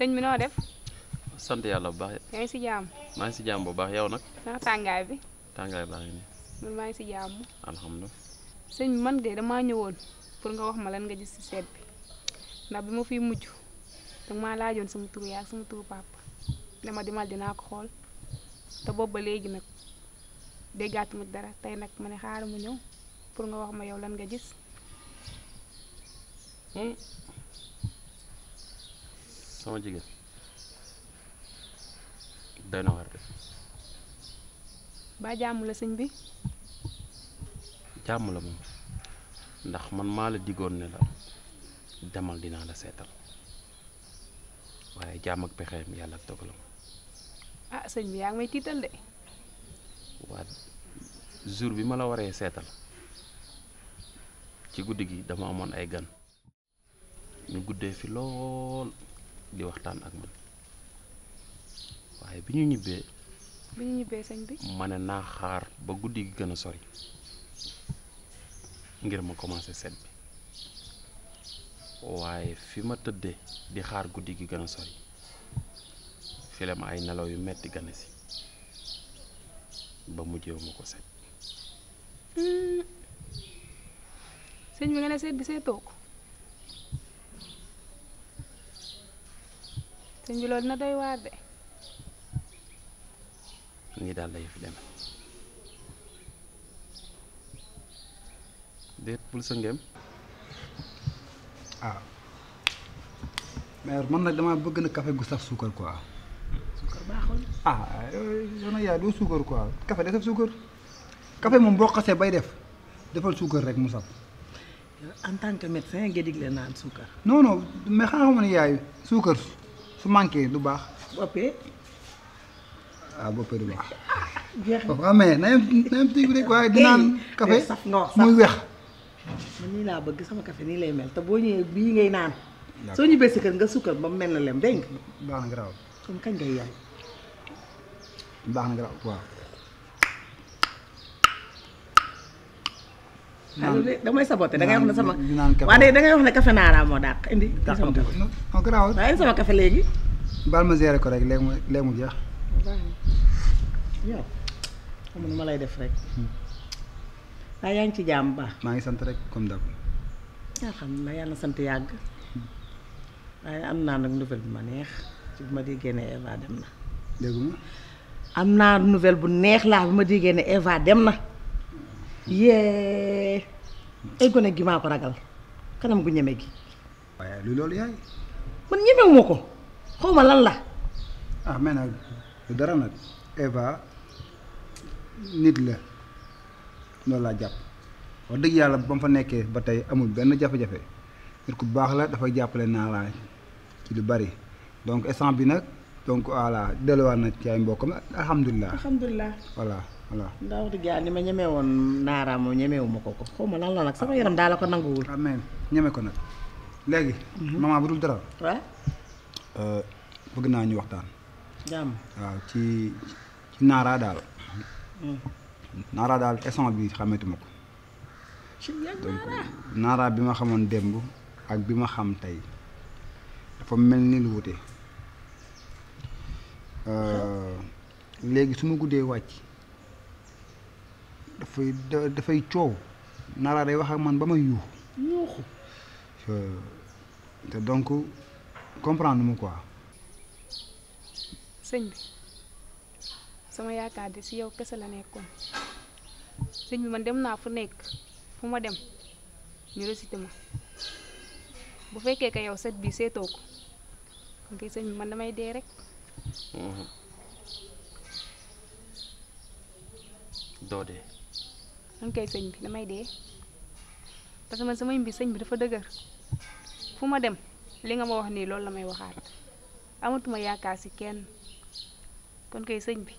señ mi no def sante yalla bu baax ya. yaa ngi si jàmm maa ngi ci jamm bu baax yow nak na tangay bi tangay baa ngi nii man maa ngi si jamm alhamdullah señ man de dama ñewoon pour nga wax ma lan nga gis ci seet bi ndax bima ma fiy mujj dag maa laajoon sama tour ya sama tour papa dama mal dina ko xol te boobu ba léegi mu dara tay nak ma ne mu ñew pour nga wax ma yow lan nga gis hmm? sama jigéen doy na war ba jàmm la sëñ bi jàmm la moom ndax man maa la diggoon ne la demal dinaa la seetal waaye jàmm ak pexeem yàlla ak dogalam ah sëñ bi yaa ngi may tiital de waa jour bi ma la waree seetal ci guddi gi dama amoon ay gan ñu guddee fi lool di waxtaan ak man waaye bi ñu ñibbee bi ñu ñibbee sëñ bi ma naa xaar ba guddi gi gën a sori ngir ma commencé set bi waaye fi ma tëddee di xaar guddi gi gën a sori fi la ma ay nelaw yu metti gane si ba mujjee ma ko set hmm. sëñ bi nga ne set bi see toog sëñ bi loolu na doy waar de. nii daal lay fi demee. déet bul sa ngem. ah. nag damaa bëgg na café gu saf suukar quoi. suukar baaxul. ah yow nag yaay doo suukar quoi café day saf suukar. café moom boo xasee bay def defal suukar rek mu saf. en tant que médecin nga digle naan suukar. non mais xaaral ne yaay suukar su manqué du baax. bu ëppee. waaw bu du baax. Ah, jeex na waaw mais na yem na yem tuuti rek muy weex. man nii laa bëgg sama café nii lay mel te boo ñëwee bii ngay naan. soo ñibbee si kër nga sukkal ba mu mel na lem dégg nga. baax na garaaw. kon kañ ngay yem. baax na garaaw waaw. damay saboté da ngay wax ne sama waa de da ngay wax ne café naara moo dàq indi sama café waaw indi sama café léegi baal ma géré ko rek léegi mu léegi mu jeex yow xam nu ma lay def rek hmm. waaye yaa ngi ci jàmm baax maa ngi sant rek comme d'habitude yaa xam na yàlla sant yàgg hmm. waaye am naa nag nouvelle bu ma neex ci bu ma déggee ne Eva dem na dégg ma am naa nouvelle bu neex laa bu ma déggee ne Eva dem na yee ay gone gi maa ko ragal kanam gu ñeme gi. waaye lu loolu yaay. man ñemewu ko xaw lan la. ah mais nag lu dara nag Eva nit la loolu laa jàpp wax dëgg yàlla ba mu fa nekkee ba tey amul benn jafe-jafe nit ku baax la dafay jàppale naa laa ci lu bari donc instant bi nag donc voilà delluwaat na ci ay mbokkam alhamdulilah. alhamdulilah voilà. voilà ndax wax yàlla ni ma ñemee woon Naara moom ñemewu ko ko xaw lan la nag sama yaram daal la ko nanguwul. amiin ñeme ko nag léegi. Mhm. maman bu dul dara. waaw. Euh, bëgg naa ñu waxtaan. waaw ci naaraa daal. Naara daal instant mm. bi xamatuma ko. donc bi ma xamoon démb ak bi ma xam tey dafa mel ni lu wute. Euh, léegi su ma guddee wàcc. dafay nara day wax ak man bama ma yuux te donc comprendre mu quoi bi sama yaakaar de si yow kese la nekkoon sëñ bi man dem naa fu nekk fu ma dem ñu resité ma bu fekkee que yow set bi man koy sëñ bi damay dee parce que man samay mbir sëñ bi dafa dëgër fu ma dem li nga ma wax nii loolu la may waxaat amatuma yaakaar si kenn kon koy sëñ bi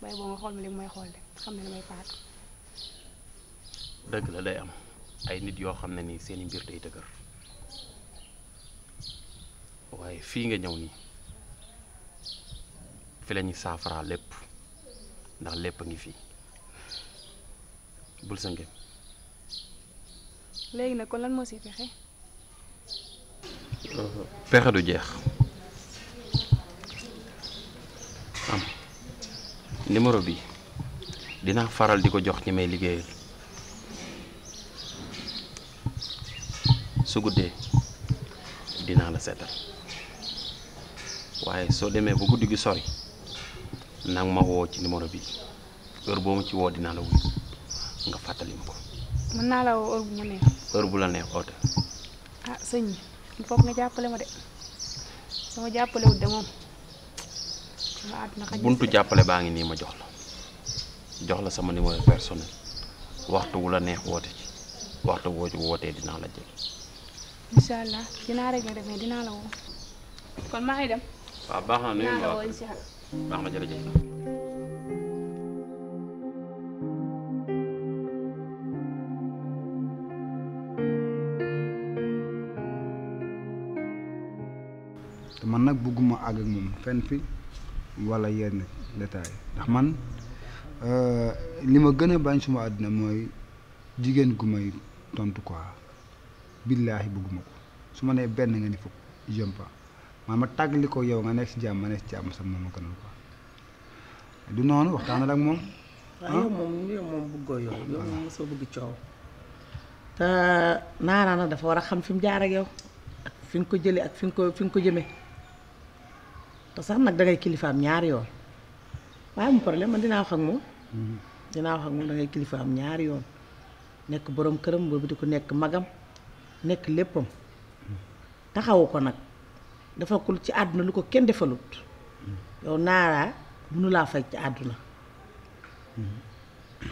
bàyyi boo nga xool ma li may xool de xam ne damay faatu. dëgg la day am ay nit yoo xam ne nii seeni mbir day dëgër waaye fii nga ñëw nii fi la ñuy saafara lépp ndax lépp a ngi fii bul sa ngem léegi nag kon euh, pexe du jeex am numéro bi dinaa faral di ko jox ñi may liggéeyal su guddee dinaa la seetal waaye soo demee bu guddi gi sori nag ma woo ci numéro bi heure boo ci woo dinaa la wuyu. nga fàttali ma ko. mën naa la woo heure bu ma neex. heure la neex oote. ah sëñ bi nga jàppale ma de sama jàppale wut de moom buntu jàppale baa ngi nii ma jox la jox la sama numéro personnel waxtu wu la neex woote ci waxtu woo ci wootee dinaa la jël. incha allah dinaa réglé de mais dinaa la woo. kon maa ngi dem. waaw baax na nuyu ma baax àgg ak moom fenn fi wala yenn détail ndax man euh, li ma gën a bañ suma àddina mooy jigéen gu may tontu quoi billaahi bëgguma ko su ma nee benn nga ni fukk j'aime pas man ma tàggali yow nga nekk si jàmm ma nekk si jàmm sax moom ma gënal quoi du noonu waxtaan ak moom. ah yow yow bëgg dafa war xam te sax nag dangay kilifaam ñaari yoon waaye mu problème man dinaa wax ak moom. Mm-hmm. dinaa wax ak moom dangay kilifaam ñaari yoon nekk boroom këram boobu di ko nekk magam nekk léppam mm-hmm. taxawu ko nag dafa ko ci àdduna lu ko kenn defalut mm-hmm. yow naaraa mënulaa fay ci àdduna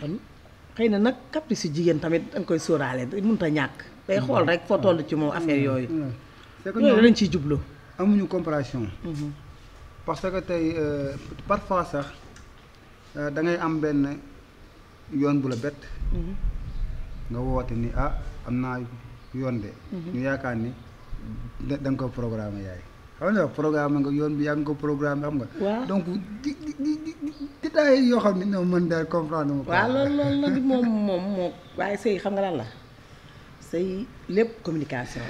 kon xëy na nag caprice si jigéen tamit dañ koy sóoraale da a ñàkk. day xool rek foo toll ci moom affaire yooyu. c'est que ñoom loolu lañ ciy jublu. amuñu comparaison. parce que tey euh, parfois sax euh, da ngay am ben yoon bu la bett mhm. nga wote ni ah amna naa yoon de mhm. ñu yaakaar ni da nga ko programmer yaay xam nga programmer nga yoon bi yaa ngi ko programmer xam nga. donc di di di détails yoo xam ne ñoom mën daal comprendre ma. di loolu loolu di moom moom xam nga lan la sey lepp communication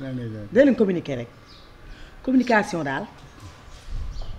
la. dañ communiquer rek communication dal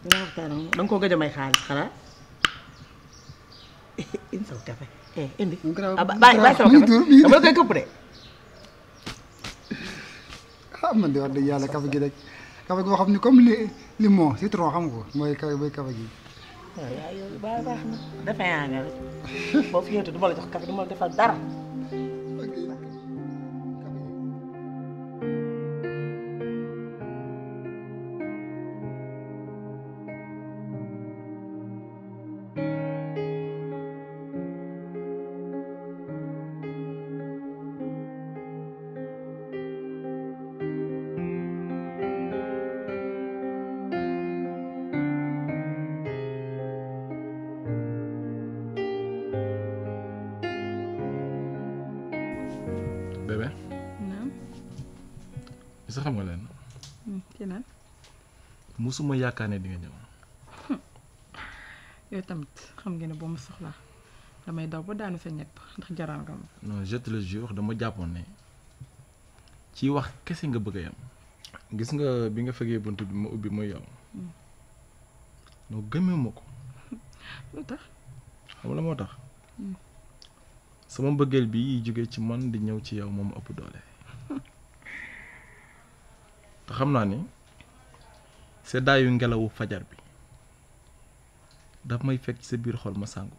da nga koo gëj a may xaalis xanaa. indi sama café indi. bàyyi sama café dama koy këpp de. ah man de wax dëgg yàlla café gi rek café goo xam ne comme li limon citron xam ko mooy café mooy café gi. waaw yow baax na dafa la jox café du la defal dara. sa xam nga hmm, iya, len ci naan. musuma yakane di nga ñew yo iya, tamit kan xam nga ne bo mu soxla damay daw ba daanu sa ñett ndax jaral gam non je te le jure dama jàppoon ne eh. ci wax kese nga bëgg yam gis nga bi nga fegee buntu bi ma ubbi ma yow. no gëmé mako lutax xam la motax sama mbëggeel bi yi jógee ci man di ñew ci yow moom ëpp doole. xam naa ni seddaayu ngelawu fajar bi daf may fekk ci sa biir xol ma sàngu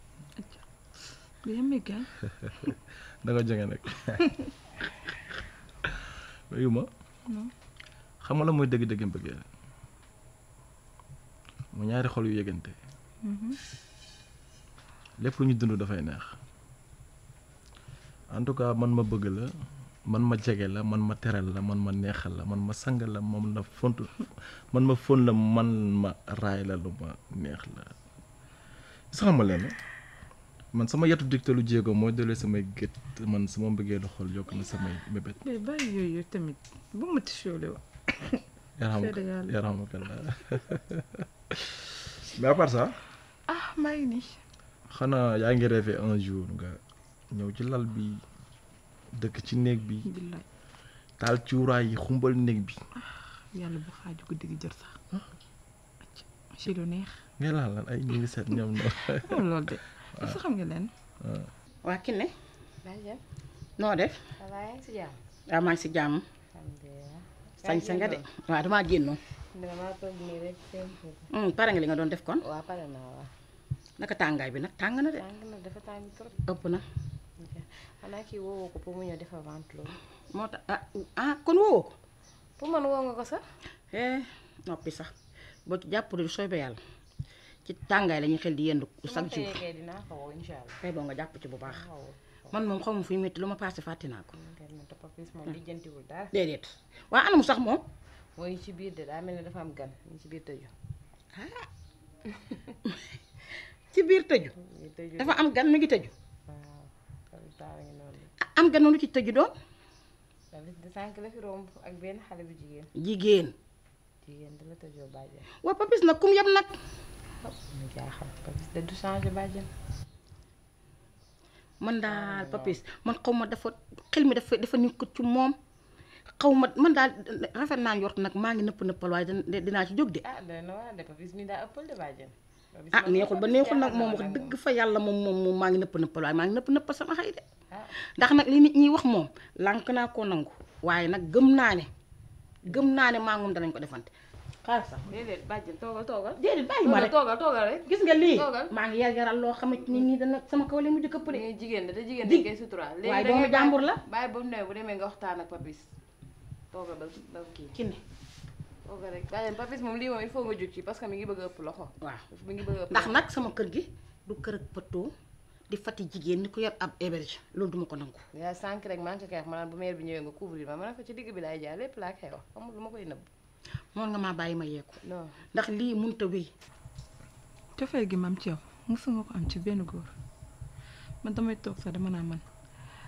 danga nga jóge yu ma xam nga la mooy dëgg-dëgg mbëggeel mu ñaari xol yu yëgante mm-hmm. lépp ñu dund dafay neex en tout cas man ma bëgg la man ma jege la man ma teral la man ma neexal la man ma sang la man ma font man ma fon la man ma raay la lu ma neex la su xamal leen man sama yetu lu jéego mooy doole samay gët man sama mbëggeelu xol yokk na samay mébét. mais bàyyi yooyu tamit bu ma tisoolee wa. yarhamukallah ah maa nii. xanaa yaa ngi rêvé un jour nga ñëw ci lal bi. dëkk ci néeg bi taal cuuraay yi xumbal néeg bi ah, yàlla bu xaaju guddi gi jër sax ah. ci lu neex lan ay ñu ngi seet ñoom noonu oh, loolu de ah. est xam nga leen waa Kiné noo def waaw maa ngi si jàmm sañ-sañ nga de waaw damaa génnoon hmm, pare nga li nga doon def kon naka tàngaay bi nag tàng na de ëpp na xanaa ko pour mu ñëw defar vente moo tax ah, ah kon woowoo ko. pour man woo nga ko sax. Eh, noppi sax boo ci jàppale soobee yàlla ci tàngaay lañuy xel di yendu sax jour. dinaa ko woo incha boo nga jàpp ci bu baax. man moom xaw ma fu mu métti lu ma paase fàtte naa ko. Mm, moom lijjantiwul dara. déedéet waa anamu sax moom. mooy ci biir de daa mel ne dafa am gan ñu ci biir tëju. Ah. ci biir tëju. dafa am gan mi ngi tëju. am nga noonu ci tëju doon. sànq benn xale bu jigéen. jigéen. jigéen dala tëjoo bàjjen. waaw nag kum yem nag. mu jaaxal papis da du changé bàjjen. man daal ah, papis man xaw ma dafa xel mi dafa dafa nekk ci moom xaw ma man daal rafet naa njort nag maa ngi nëpp nëppal waaye dinaa ci jóg de. ah dana waa de papis daa ëppal de ah neexul ba neexul nag moom wax dëgg fa yàlla moom moom moom maa ngi nëpp nëppal waaye maa ngi nëpp nëppal sama xay de ah. ndax nag li nit ñi wax moom lànk naa ko nangu waaye nag gëm naa ne gëm naa ne maa danañ ko defante xaar sax déedéet bàjjen toogal toogal déedéet bàyyi ma rek toogal toogal rek gis nga lii maa ngi yar yaral loo xamante ni nii dana sama kaw lee mujj këpp de jigéen la te jigéen dañ koy sutura waaye doomu jàmbur la bàyyi bu demee nga waxtaan ak papis toogal ba ba kii Oh, foofu ndax sama kër gi du kër ak di fati jigéen ni ko yor ab héberge loolu duma ko nangu. yaa sànq rek bu maire bi ñëwee nga couvrir ma ma ne ci digg bi laay jaar lépp laa koy wax amul lu koy nëbb. moon nga ma yeeku. non ndax lii mënut gi ci yow nga ko am ci benn man damay dama naa man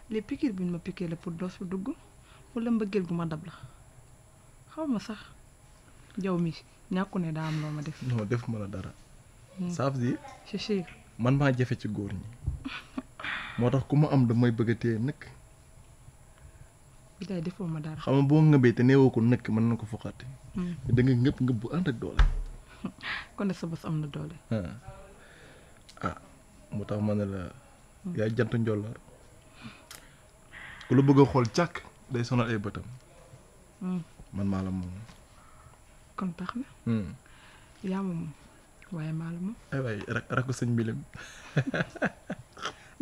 les ma piqué la pour doos dugg wala mbëggeel dab la sax yow mi ñàkku ne daa am loo ma def. non def ma la dara. Hmm. ça si man maa jafe ci góor ñi. moo tax ku ma am damay bëgg a téye nëkk. bi tey defoo ma dara. xam nga boo ngëbee te neewoo ko nëkk mën na ko foqati. Hmm. da nga ngëb bu ànd ak doole. kon de sa bés am na doole. ah moo tax ma ne la. Hmm. yaay jant njolloor. ku la bëgg xool càkk day sonal ay bëtam. man maa la moom. kon baax na hmm. yaa moom waaye Eh, moom ay waay rakku sëñ mbilim ya.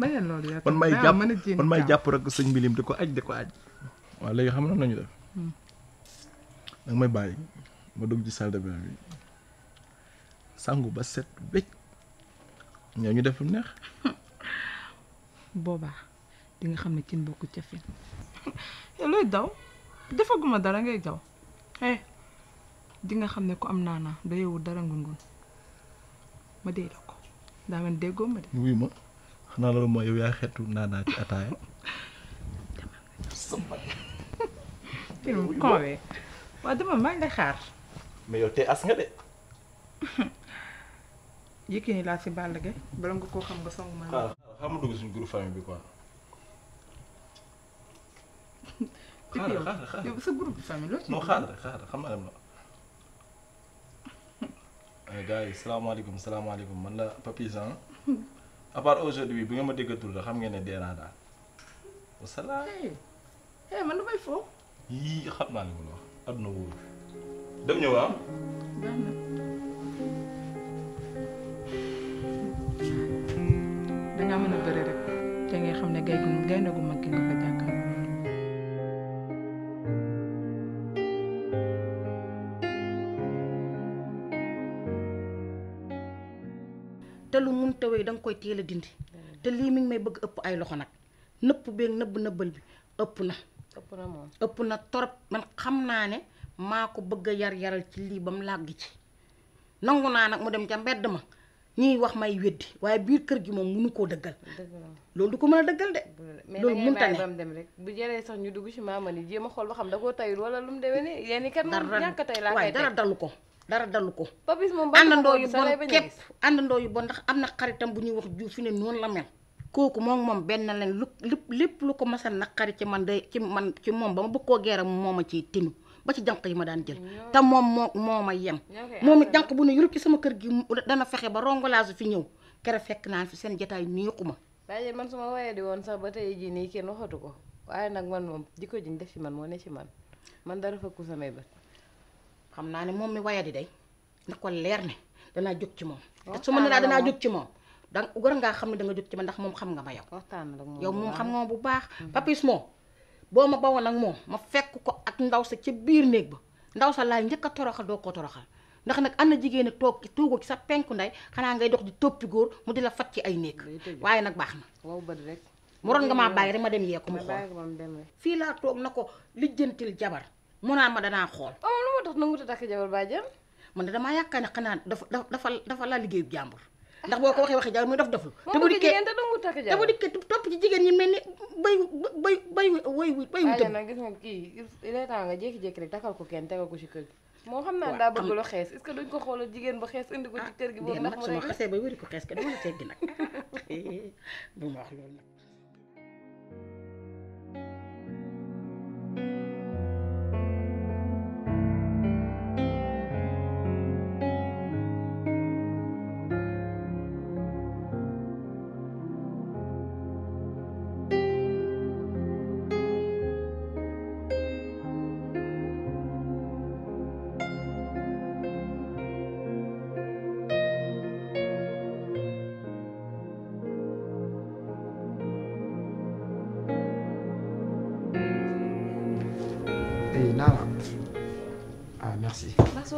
leen loolu yow man may jàpp man may jàpp rakku sëñ mbilim di ko aj di ko aj waaw léegi xam na nañu def hmm. danga may bàyyi ma dugg ci salle de bain bi sangu ba set wécc ñoo ñu def lu neex boobaa di nga xam ne ca looy daw defaguma dara ngay dinga xam ne ko am naanaa doyewul dara ngungun ma dee la ko déggoo ma de. wuyu ma xanaa loolu mooy yaa xeetu naanaa ci ataaya. waaw dama maa ngi xaar. mais yow tey as nga de. Yékini laa si Balla Gaye bala nga koo xam nga song ma. waaw xam nga dugg suñu groupe famille bi quoi. xaaral xaaral yow sa groupe famille loo ci. gars yi salaamaaleykum salaamaaleykum man la Papisan à part aujourd'hui bu ngeen ma da xam ngeen ne dee naa daal wasalaam. eh man eh? damay fo. yii xam naa li mu wax adduna dem ñëw ah. dangaa mën rek ngay xam ne gay gu gu mag ki nga koy teel a dindi te lii mi ngi may bëgg ëpp ay loxo nag nëpp beeg nëbb nëbbal bi ëpp na ëpp na moom ëpp na torop man xam naa ne maa ko bëgg a yar yaral ci lii ba mu làgg ci nangu naa nag mu dem ca mbedd ma ñuy wax may weddi waaye biir kër gi moom mu mënu koo dëggal loolu du ko mën a dëggal de loolu mënta ne rek bu jëree sax ñu dugg ci maama ni jéem a xool ba xam da koo tayul wala lu mu demee ni yéen kat moom ñàkk tey laa koy dara dalu ko dara dalu ko. papis moom àndandoo yu bon képp àndandoo yu bon ndax am na xaritam bu ñuy wax ju fi ne noonu la mel. kooku moom moom benn lañ lu lépp lépp lu ko mas na naqari ci man day man ci moom ba ma bëgg koo geeram moo ma ciy tinu ba ci jànq yi ma daan jël mm-hmm. te moom moo moo ma yem moom it jànq bu ne yurub ci sama kër gi dana fexe ba rongolaasu fi ñëw kere fekk naa fi seen jataay neexu ma daajee man su ma wayee di woon sax ba tey jii nii kenn ko waaye nag man moom jikko jiñ def ci man moo ne ci man man dara fëkku samay bët xam naa ne moom mi wayadi day na ko leer ne danaa jóg ci moom. te su laa danaa jóg ci moom. da war ngaa xam ne danga jóg ci ma ndax moom xam nga ma yow. yow moom xam nga ma bu baax. Mm-hmm. papis moom boo ma bawoon ak moom ma fekk ko ak ndaw sa ci biir néeg ba ndaw sa laay njëkk a toroxal doo ko toroxal ndax nag am na jigéen a toog toogoo ci sa penku ndey xanaa ngay dox di toppi góor mu di la fat ci ay néeg waaye nag baax na. mu ron nga ma bàyyi rek ma dem yee ko mu xool fii laa toog na ko lijjantil jabar mu naan ma danaa xool. oh lu ma tax nanguut a takk jabar baa jëm. man de damaa yaakaar ne xanaa dafa dafa dafa laa liggéeyu jàmbur. Ah. ndax boo ko waxee waxee jàmbur muy daf daful. te bu dikkee te bu dikkee kii il est temps nga jékki-jékki rek takkal ko kenn tegal ko ci kër gi. moo xam naa daa bëgg lu xees est que duñ ko xoolal jigéen ba xees indi ko ci ah, kër gi. boobu ndax mu xasee ba wéri ko xees ka dama la teggi nag bu ma wax loolu nag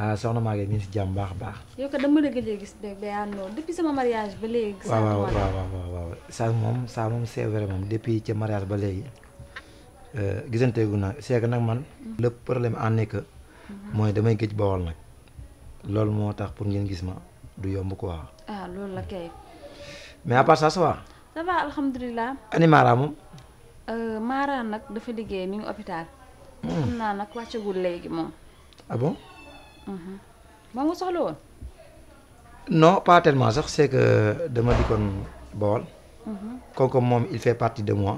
ah soxna Maguette ñu si jàmm baax a baax. yow kat dama la gëj a gis nag day àndoon sama mariage ba léegi. waaw waaw waaw moom saa moom moom depuis ca mariage ba léegi euh, na c'est que nag man. le problème en mooy damay gëj bawol nag. loolu moo tax pour ngeen gis ma du yomb quoi. ah loolu la kay. mais à part ça ça va. ça va alhamdulilah. moom. Euh, Mara nag dafa liggéey mi ngi hôpital. Hmm. xam naa nag wàccagul léegi moom. Ah moom nga soxla woon. non pas sax c'est que dama dikkoon bool. kooku mhm. moom il fait partie de moi.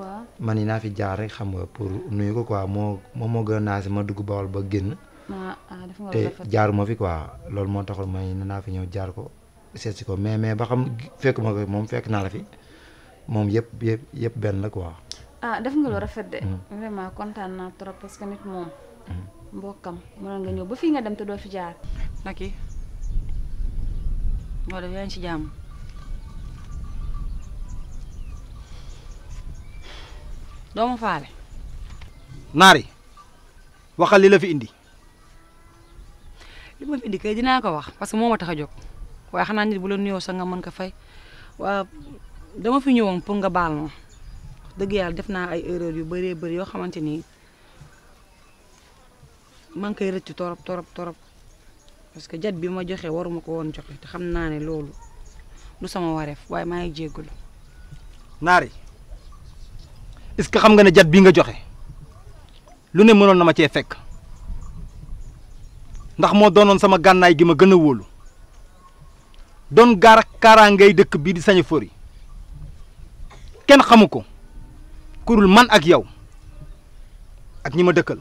waaw man naa fi jaar rek xam nga pour nuyu ko quoi moo moom moo gën a naa si ma dugg bool ba génn. Ah, ah, te jaaruma fi quoi loolu moo taxul may naa fi ñëw jaar ko seet ko mais mais ba xam fekkuma ko moom fekk naa la fi moom yëpp yëpp yëpp benn la quoi. ah def nga lu rafet de. Mm. vraiment kontaan naa trop parce nit moom. Mm. mbokkam mënoon nga ñëw ba fi nga dem te do fi jaar. Naki mo do yeen ci jamm do mo faale. naari waxal li la fi indi. li mo fi indi kay dina ko wax parce que moma ma tax way xana nit bu la nuyo sa nga man ka fay wa dama fi ñewon pour nga baal ma dëgg yàlla ay erreur yu beure beure yo xamanteni maa ngi koy rëcc torop torop torop parce que jat bi ma joxe waruma ko woon joxe te xam naa ne loolu lu sama wareef waaye maa ngi jéggalu naari est-ce que xam nga ne jat bi nga joxe lu ne mënoon na ma cee fekk ndax moo doonoon sama gànnaay gi ma gën a wóolu doon gaar ngay dëkk bii di sañu fori kenn xamu ko kurul man ak yow ak ñi ma dëkkal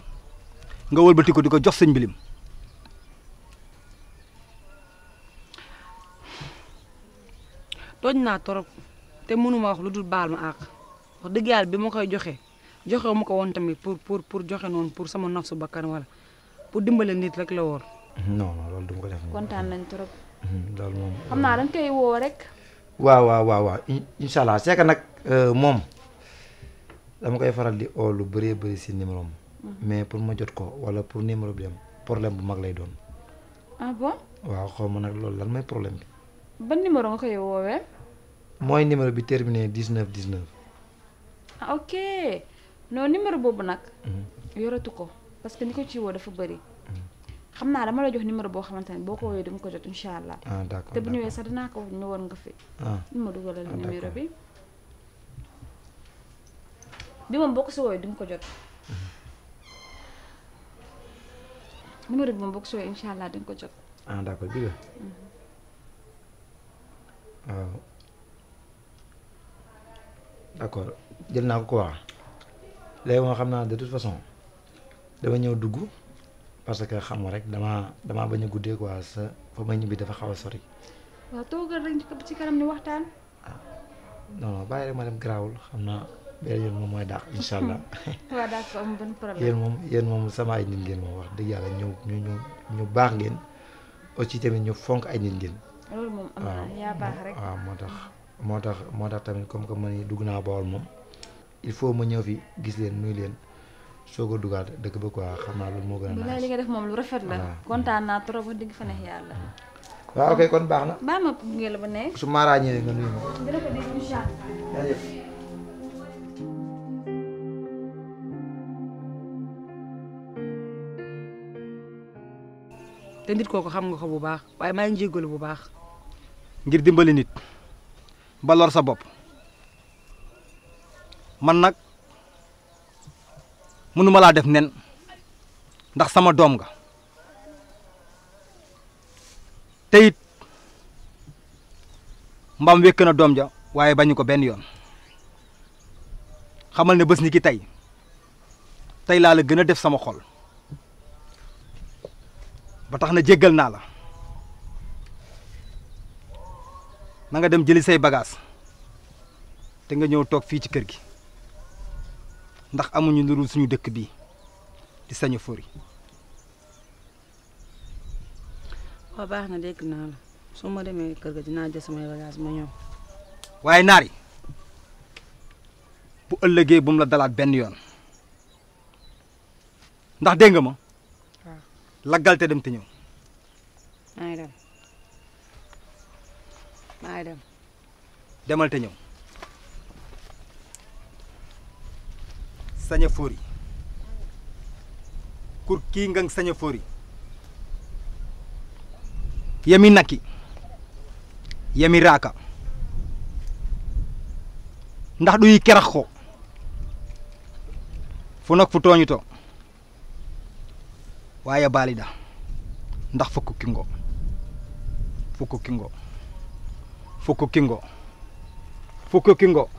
nga walbati ko di ko jox sëñ bilim tooñ naa torop te mënuma wax lu dul baal ma àq wax dëgg yàlla bi ma koy joxe joxe ma ko woon tamit pour pour pour joxe noonu pour sama nafsu bakkan wala pour dimbale nit rek la woon. Mhm. non non loolu duma ko def. nañ trop. Mhm, loolu moom euh, xam naa dañ koy woo rek. waaw waaw waaw waaw incha allah c'est que nag euh, moom dama koy faral di oo lu bëree bëri si numéro am mais pour ma jot ko wala pour numéro bi am problème bu mag lay doon ah bon waaw xawma ma nag loolu lan mooy problème bi ban numéro nga koy woowee mooy numéro bi terminé 19 19 ah ok non numéro boobu nag mhm. yoratu ko parce que ni ko ci woo dafa bëri mhm. xam naa dama la jox numéro boo xamante ne boo ko woowee dama ko jot incha allah ah d' accord te bu ñëwee sax dinaa ko ñu woon nga fi ah ma dugalal ah, numéro bi bi moom boo ko si woowee di ko jot mhm. numéro bi moom boo ko soobee allah dañ ko jot. ah d' mm-hmm. jël naa ko ko wax léegi moom xam naa de toute façon dama ñëw dugg parce que xam nga rek damaa damaa bañ a guddee quoi sa fa ma ñibbi dafa xaw a sori. waaw toogal rek ci kanam ni waxtaan. ah bàyyi rek ma dem garaawul xam naa. benn yéen moom mooy dàq incha allah. waaw ah, d'accord ben benn problème yéen moom yéen moom sama ay nit ngeen mo wax deug yalla ñu ñu ñu ñu baax ngeen o ci tamit ñu fonk ay nit ngeen. lool mom am na ya baax rek ah motax motax motax tax tamit comme que man dugg naa ya. Bawol mom il faut ma ñew fi gis leen nuy leen soo dugal deug ba quoi xamna lu mo gëna na a. li nga def mom lu rafet la. kontaan na trop wax dëgg fa neex yalla wa ok kon baax na. baax ma ngeel ba neex su ma ràññee nga nuyu ma. dina ko dégg incha allah. te nit kooku xam nga ko bu baax waaye maa ngi jéggalu bu baax. ngir dimbali nit ba lor sa bopp man nag mënuma laa def nen ndax sama doom nga te it mbaam wékk na doom ja waaye bañ ko benn yoon xamal ne bés ni ki tey tey laa la gën a def sama xol. ba tax na jéggal la na nga dem jeli say bagage te nga ñew tok fi ci kër gi ndax amuñu lu suñu dëkk bi di sañu fori waaw baax na dégg naa la suma démé kër ga dina jé sama bagage ma ñew waye naar bu ëllëgé bu mu la dalat ben yoon ndax dénga ma lagal te dem te ñew maay dem maay dem demal te ñew saña fori kur ki nga saña fori yami naki yami raka ndax duy kerax ko fu nak fu toñu to waaye baalida ndax fukki ngoo fukk kingo fukk kingo fukk kingo